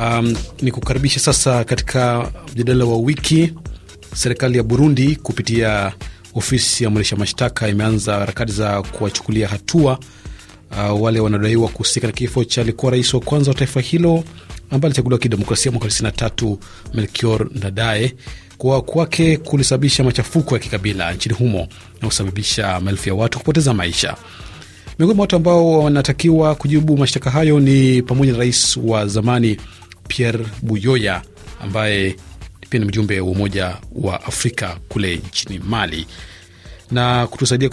Um, ni kukaribisha sasa katika mjadala wa wiki. Serikali ya Burundi kupitia ofisi ya mwendesha mashtaka imeanza harakati za kuwachukulia hatua uh, wale wanadaiwa kuhusika na kifo cha alikuwa rais wa kwanza wa taifa hilo ambaye alichaguliwa kidemokrasia mwaka 93 Melchior Ndadaye. Kuuawa kwake kulisababisha machafuko ya kikabila nchini humo na kusababisha maelfu ya watu kupoteza maisha. Miongoni mwa watu ambao wanatakiwa kujibu mashtaka hayo ni pamoja na rais wa zamani Pierre Buyoya ambaye pia ni mjumbe wa Umoja wa Afrika kule nchini Mali. Na kutusaidia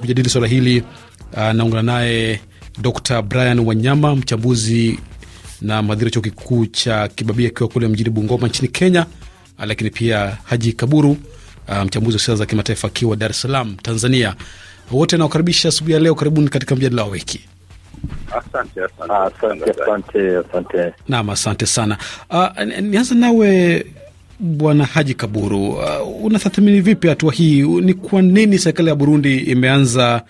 kujadili swala hili anaungana ah, naye Dr Brian Wanyama, mchambuzi na mhadhiri chuo kikuu cha Kibabii akiwa kule mjini Bungoma nchini Kenya, lakini pia Haji Kaburu, ah, mchambuzi wa siasa za kimataifa akiwa Dar es Salaam, Tanzania. Wote anaokaribisha asubuhi ya leo. Karibuni katika mjadala wa wiki. Asante, ah, asante, asante, asante, Naam, asante sana. Uh, ah, nianza nawe Bwana Haji Kaburu, uh, unatathmini vipi hatua hii? Ni kwa nini serikali ya Burundi imeanza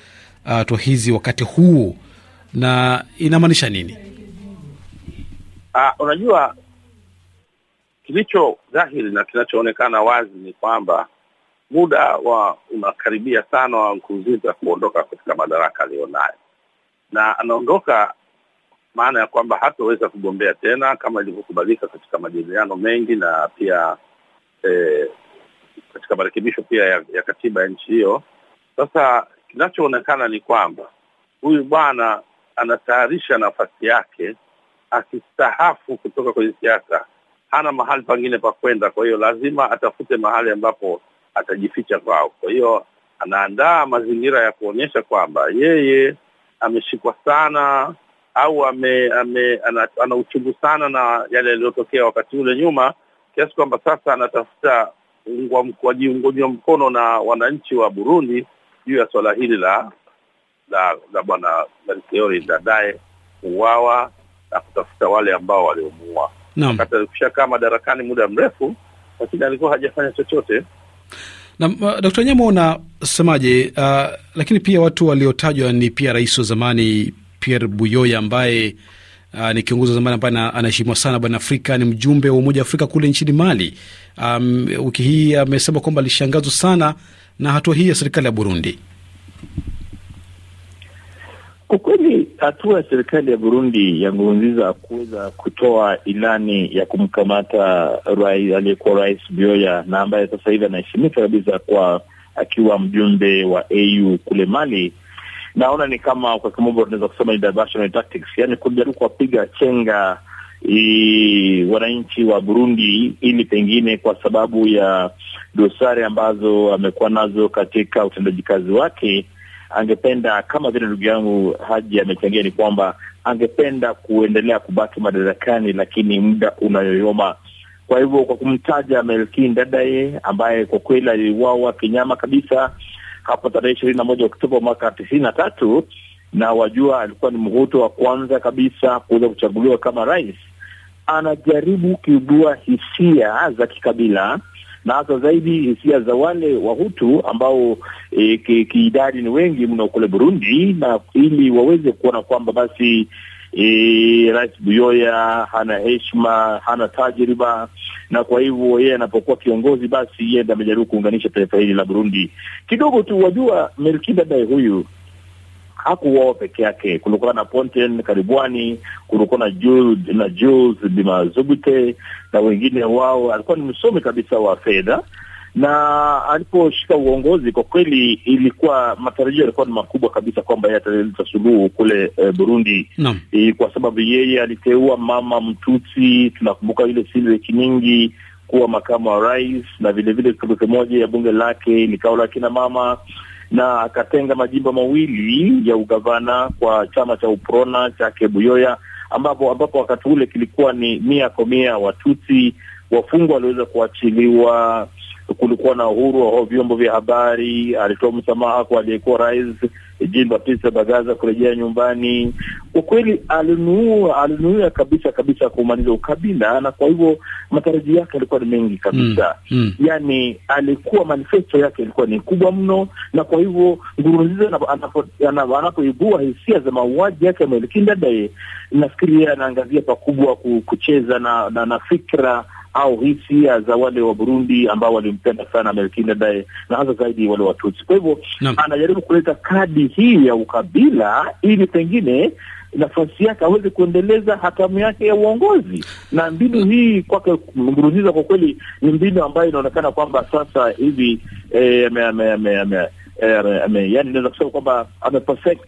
hatua uh, hizi wakati huu na inamaanisha nini? Uh, unajua kilicho dhahiri na kinachoonekana wazi ni kwamba muda wa unakaribia sana wa Nkurunziza kuondoka katika madaraka aliyonayo na anaondoka, maana ya kwamba hataweza kugombea tena kama ilivyokubalika katika majadiliano mengi na pia eh, katika marekebisho pia ya, ya katiba ya nchi hiyo. Sasa kinachoonekana ni kwamba huyu bwana anatayarisha nafasi yake, akistahafu kutoka kwenye siasa hana mahali pengine pa kwenda, kwa hiyo lazima atafute mahali ambapo atajificha kwao. Kwa hiyo anaandaa mazingira ya kuonyesha kwamba yeye ameshikwa sana au ame, ame, ana, ana uchungu sana na yale yaliyotokea wakati ule nyuma, kiasi kwamba sasa anatafuta wajiungonywa mkono na wananchi wa Burundi juu ya swala hili la la la bwana Melchiori Ndadaye kuwawa na kutafuta wale ambao waliomuua. Wakati kaa madarakani muda mrefu, lakini alikuwa hajafanya chochote na uh, Dkt. Nyamo unasemaje? Uh, lakini pia watu waliotajwa ni pia rais wa zamani Pierre Buyoya ambaye Uh, ni kiongozi wa zamani ambaye anaheshimiwa sana bwana Afrika. Ni mjumbe wa Umoja wa Afrika kule nchini Mali. Um, wiki hii amesema kwamba alishangazwa sana na hatua hii ya serikali ya Burundi. Kwa kweli hatua ya serikali ya Burundi ya Nkurunziza kuweza kutoa ilani ya kumkamata aliyekuwa rais Bioya na ambaye sasa hivi anaheshimika kabisa kwa akiwa mjumbe wa AU kule Mali, naona ni kama kwa kimombo tunaweza kusema ni diversionary tactics, yani kujaribu kuwapiga chenga wananchi wa Burundi ili pengine kwa sababu ya dosari ambazo amekuwa nazo katika utendaji kazi wake angependa kama vile ndugu yangu Haji amechangia ni kwamba angependa kuendelea kubaki madarakani, lakini muda unayoyoma. Kwa hivyo kwa kumtaja Melkin Dadaye ambaye kwa kweli aliuawa kinyama kabisa hapo tarehe ishirini na moja Oktoba mwaka tisini na tatu na wajua, alikuwa ni mhuto wa kwanza kabisa kuweza kuchaguliwa kama rais, anajaribu kuibua hisia za kikabila na hasa zaidi hisia za wale Wahutu ambao e, kiidadi ki ni wengi mno kule Burundi, na ili waweze kuona kwamba basi E, Rais Buyoya hana heshima, hana tajriba, na kwa hivyo yeye anapokuwa kiongozi basi yeye ndiye amejaribu kuunganisha taifa hili la Burundi kidogo tu. Wajua Melkida Dai huyu hakuwao peke yake. Kulikuwa na Ponten Karibwani, kulikuwa na Jules, na Jules Bimazubute na wengine wao. Alikuwa ni msomi kabisa wa fedha na aliposhika uongozi kwa kweli, ilikuwa matarajio yalikuwa ni makubwa kabisa kwamba yeye ataleta suluhu kule e, Burundi no. E, kwa sababu yeye aliteua mama Mtutsi, tunakumbuka yule Sylvie Kinigi kuwa makamu wa rais, na vilevile kituke moja ya bunge lake ni la kina mama na akatenga majimbo mawili ya ugavana kwa chama cha Uprona chake Buyoya, ambapo ambapo wakati ule kilikuwa ni mia kwa mia watuti Wafungwa waliweza kuachiliwa, kulikuwa na uhuru wa vyombo vya habari, alitoa msamaha kwa aliyekuwa rais Jean Baptiste Bagaza kurejea nyumbani. Kwa kweli alinuia alinuia kabisa kabisa kumaliza ukabila, na kwa hivyo matarajio yake yalikuwa ni mengi kabisa mm, mm. Yani alikuwa manifesto yake ilikuwa ni kubwa mno, na kwa hivyo Ngurunziza anapoibua hisia za mauaji yake ya Melkindadaye, nafikiria anaangazia pakubwa kucheza na, na, na fikra au hisia za wale wa Burundi ambao walimpenda sana melkinda Dadaye na hasa zaidi wale Watutsi. Kwa hivyo anajaribu kuleta kadi hii ya ukabila ili pengine nafasi yake aweze kuendeleza hatamu yake ya uongozi. Na mbinu hii kwake Nkurunziza kwa kweli ni mbinu ambayo inaonekana kwamba sasa hivi eh, ame, ame, ame, ame, ame, eh, ame, yani inaweza kusema kwamba ame perfect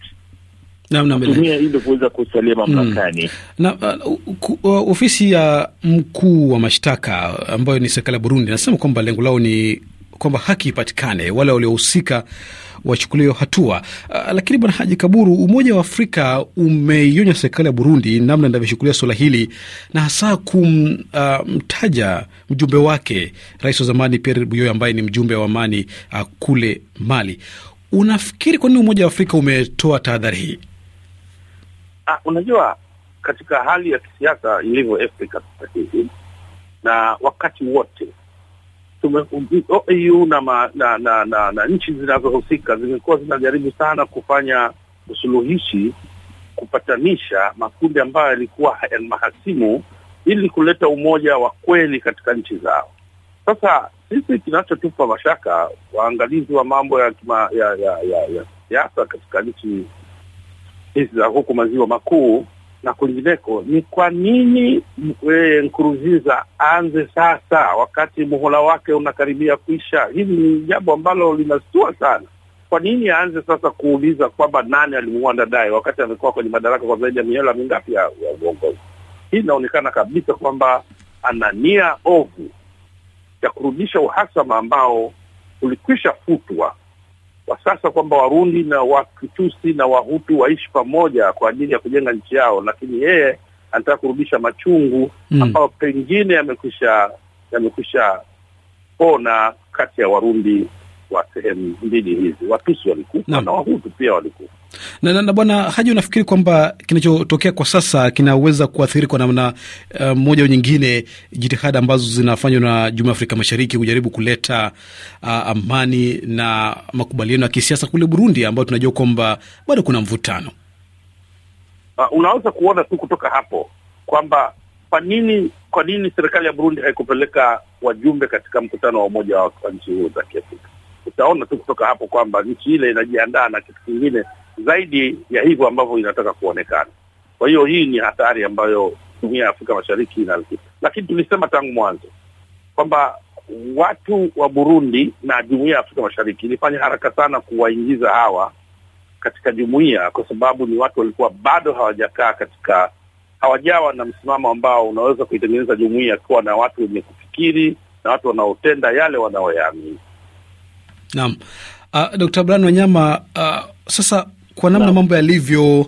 kutumia hilo kuweza kusalia mamlakani. Hmm. Na uh, uh, ofisi ya mkuu wa mashtaka ambayo ni serikali ya Burundi nasema kwamba lengo lao ni kwamba haki ipatikane, wale waliohusika wachukuliwe hatua. Uh, lakini Bwana Haji Kaburu, Umoja wa Afrika umeionya serikali ya Burundi namna inavyoshughulia suala hili na hasa kumtaja uh, mjumbe wake rais wa zamani Pierre Buyoya ambaye ni mjumbe wa amani uh, kule Mali. Unafikiri kwa nini Umoja wa Afrika umetoa tahadhari hii? Ah, unajua katika hali ya kisiasa ilivyo Afrika sasa hivi na wakati wote tume OAU na, ma, na, na, na, na nchi zinazohusika zimekuwa zinajaribu sana kufanya usuluhishi, kupatanisha makundi ambayo yalikuwa mahasimu ili kuleta umoja wa kweli katika nchi zao. Sasa sisi kinachotupa mashaka waangalizi wa mambo ya kima, ya ya ya, ya, ya, katika nchi hizi za huku maziwa makuu na kulingineko, ni kwa nini e, Nkurunziza aanze sasa wakati muhula wake unakaribia kuisha? Hili ni jambo ambalo linastua sana. Kwa nini aanze sasa kuuliza kwamba nani alimuua Ndadaye wakati amekuwa kwenye madaraka kwa zaidi ya miela mingapi ya uongozi? Hii inaonekana kabisa kwamba ana nia ovu ya kurudisha uhasama ambao ulikwisha futwa kwa sasa kwamba Warundi na Wakitusi na Wahutu waishi pamoja kwa ajili ya kujenga nchi yao, lakini yeye anataka kurudisha machungu mm, ambayo pengine yamekwisha yamekwisha pona kati ya Warundi kwa sehemu mbili hizi, Watusi walikufa na, na Wahutu pia walikufa na, na, na Bwana Haji, unafikiri kwamba kinachotokea kwa sasa kinaweza kuathiri kwa namna uh, eh, moja au nyingine jitihada ambazo zinafanywa na Jumuiya ya Afrika Mashariki kujaribu kuleta uh, amani na makubaliano ya kisiasa kule Burundi, ambayo tunajua kwamba bado kuna mvutano uh, unaweza kuona tu kutoka hapo kwamba kwa nini kwa nini serikali ya Burundi haikupeleka wajumbe katika mkutano wa umoja wa nchi huo za Kiafrika? utaona tu kutoka hapo kwamba nchi ile inajiandaa na kitu kingine zaidi ya hivyo ambavyo inataka kuonekana. Kwa hiyo hii ni hatari ambayo jumuiya ya Afrika Mashariki ina, lakini tulisema tangu mwanzo kwamba watu wa Burundi na jumuiya ya Afrika Mashariki ilifanya haraka sana kuwaingiza hawa katika jumuiya, kwa sababu ni watu walikuwa bado hawajakaa katika, hawajawa na msimamo ambao unaweza kuitengeneza jumuiya kuwa na watu wenye kufikiri na watu wanaotenda yale wanaoyaamini. Naam. Uh, ah, Dkt. Brian Wanyama, uh, sasa kwa namna mambo yalivyo,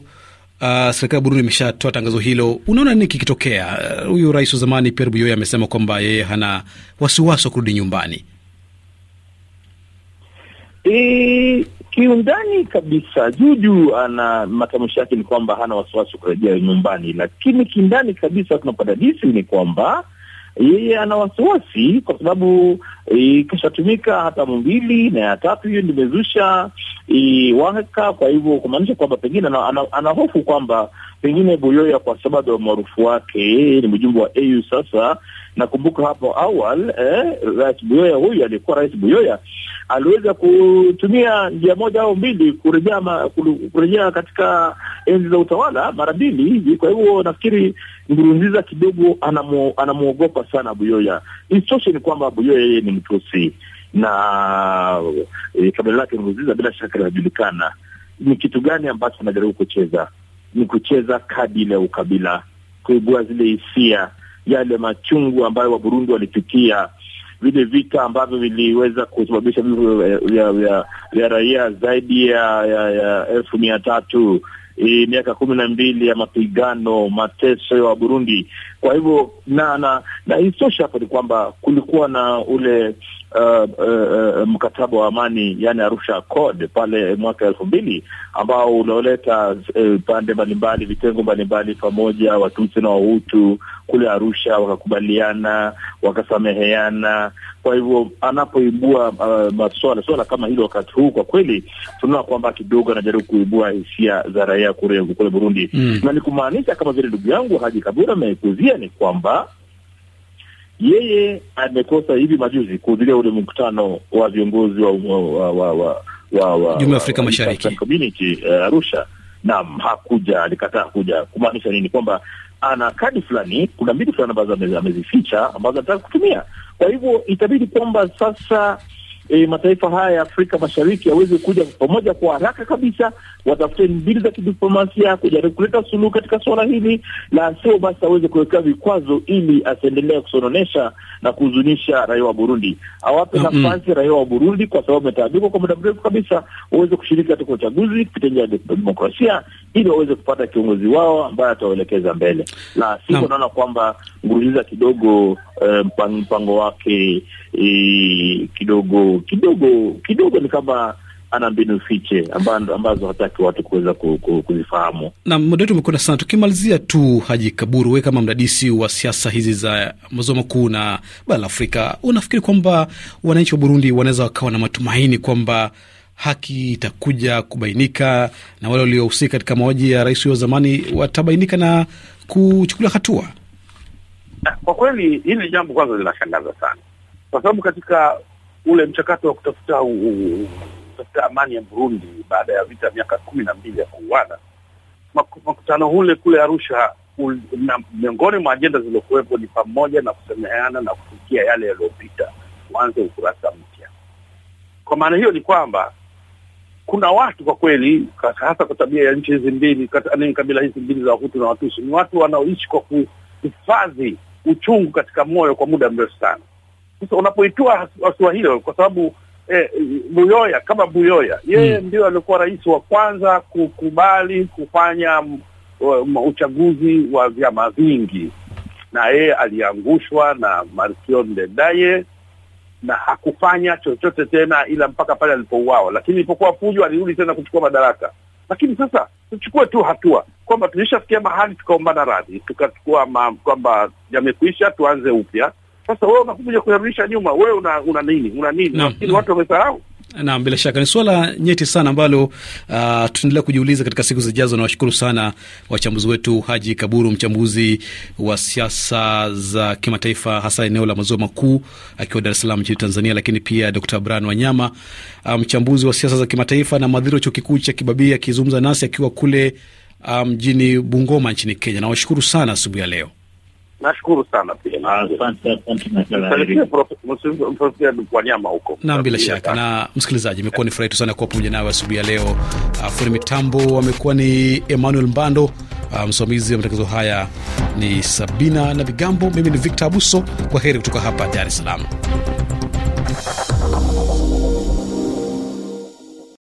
uh, serikali ya Burundi imeshatoa tangazo hilo, unaona nini kikitokea? Huyu uh, rais wa zamani Pierre Buyoya amesema kwamba yeye hana wasiwasi wa kurudi nyumbani. E, kiundani kabisa juu juu ana matamshi yake ni kwamba hana wasiwasi wa kurejea nyumbani, lakini kindani kabisa tunapodadisi ni kwamba yeye ana wasiwasi kwa sababu e, ikishatumika hata hatamu mbili na ya tatu hiyo nimezusha e, waka. Kwa hivyo kumaanisha kwamba pengine ana hofu kwamba pengine Buyoya kwa sababu ya umaarufu wake, yeye ni mjumbe wa AU sasa Nakumbuka hapo awali eh, Rais Buyoya huyu alikuwa Rais Buyoya aliweza kutumia njia moja au mbili kurejea kurejea katika enzi za utawala mara mbili hivi. Kwa hivyo nafikiri Nkurunziza kidogo anamwogopa sana Buyoya. Isitoshe ni kwamba Buyoya yeye ni mtusi na e, kabila lake Nkurunziza bila shaka linajulikana. Ni kitu gani ambacho anajaribu kucheza? Ni kucheza kadi ile ya ukabila, kuibua zile hisia yale machungu ambayo Waburundi walipitia, vile vita ambavyo viliweza kusababisha vifo vya raia zaidi ya, ya, ya elfu mia tatu E, miaka kumi na mbili ya mapigano, mateso ya Waburundi. Kwa hivyo na na na isosha ni kwamba kulikuwa na ule Uh, uh, uh, mkataba wa amani yani Arusha Code pale mwaka elfu mbili ambao unaoleta uh, pande mbalimbali vitengo mbalimbali pamoja, Watutsi na Wahutu kule Arusha wakakubaliana, wakasameheana. Kwa hivyo anapoibua uh, maswala swala kama hilo wakati huu, kwa kweli tunaona kwamba kidogo anajaribu kuibua hisia za raia kule Burundi mm. na ni kumaanisha kama vile ndugu yangu Haji Kabura amekuzia ni kwamba yeye amekosa hivi majuzi kuhudhuria ule mkutano wa viongozi wa wa wa wa wa wa Jumuiya ya Afrika Mashariki Community uh, Arusha. Naam, hakuja, alikataa kuja. Kumaanisha nini? Kwamba ana kadi fulani, kuna mbili fulani ambazo amezificha ambazo anataka kutumia. Kwa hivyo itabidi kwamba sasa e, mataifa haya ya Afrika Mashariki yaweze kuja pamoja kwa haraka kabisa, watafute mbinu za kidiplomasia kujaribu kuleta suluhu katika suala hili, na sio basi aweze kuwekewa vikwazo ili asiendelee kusononesha na kuhuzunisha raia wa Burundi. Awape mm -hmm. nafasi raia wa Burundi, kwa sababu ametaabikwa kwa muda mrefu kabisa, waweze kushiriki katika uchaguzi kupitia njia ya demokrasia, ili waweze kupata kiongozi wao ambaye atawaelekeza mbele, na siko naona kwamba Nguruziza kidogo uh, mpango wake e, kidogo kidogo kidogo ni kama ana mbinu fiche ambazo hataki watu kuweza kuzifahamu. Na muda wetu umekwenda sana, tukimalizia tu, Haji Kaburu, we kama mdadisi wa siasa hizi za maziwa makuu na bara la Afrika, unafikiri kwamba wananchi wa Burundi wanaweza wakawa na matumaini kwamba haki itakuja kubainika na wale waliohusika katika mauaji ya rais huyo wa zamani watabainika na kuchukuliwa hatua? Kwa kweli hili jambo kwanza linashangaza sana, kwa sababu katika ule mchakato wa kutafuta kutafuta amani ya Burundi baada ya vita miaka kumi na mbili ya kuuana, makutano ule kule Arusha ul, na miongoni mwa ajenda zilizokuwepo ni pamoja na kusemehana na kufikia yale yaliyopita, kuanze ukurasa mpya. Kwa maana hiyo ni kwamba kuna watu kwa kweli, hasa kwa tabia ya nchi hizi mbili, kabila hizi mbili za Wahutu na Watusi, ni watu wanaoishi kwa kuhifadhi uchungu katika moyo kwa muda mrefu sana. Sasa unapoitua hatua hiyo, kwa sababu eh, Buyoya kama Buyoya yeye mm. ndio alikuwa rais wa kwanza kukubali kufanya um, uchaguzi wa vyama vingi, na yeye aliangushwa na Marcion Dedaye na hakufanya chochote tena ila mpaka pale alipouawa, lakini ilipokuwa fujo alirudi tena kuchukua madaraka. Lakini sasa tuchukue tu hatua kwamba tulishafikia mahali tukaombana radhi, tukachukua kwamba yamekuisha, tuanze upya. Sasa wewe unakuja kuyarudisha nyuma, wewe una, una nini una nini? Nafikiri no, no. watu wamesahau Naam, bila shaka ni suala nyeti sana ambalo uh, tutaendelea kujiuliza katika siku zijazo. Na washukuru sana wachambuzi wetu, Haji Kaburu, mchambuzi wa siasa za kimataifa hasa eneo la maziwa makuu akiwa Dar es Salaam nchini Tanzania, lakini pia Dr. bran Wanyama, uh, mchambuzi um, wa siasa za kimataifa na mhadhiri wa chuo kikuu cha Kibabii akizungumza nasi akiwa kule uh, mjini um, Bungoma nchini Kenya. Nawashukuru sana asubuhi ya leo. Nashukuru sana pia, kwa nyama huko. bila shaka. Na msikilizaji, imekuwa ni furaha yetu sana kuwa pamoja nawe asubuhi ya leo. Ah, fundi mitambo amekuwa ni Emmanuel Mbando, ah, msimamizi wa matangazo haya ni Sabina na Bigambo, mimi ni Victor Abuso. Kwa heri kutoka hapa Dar es Salaam.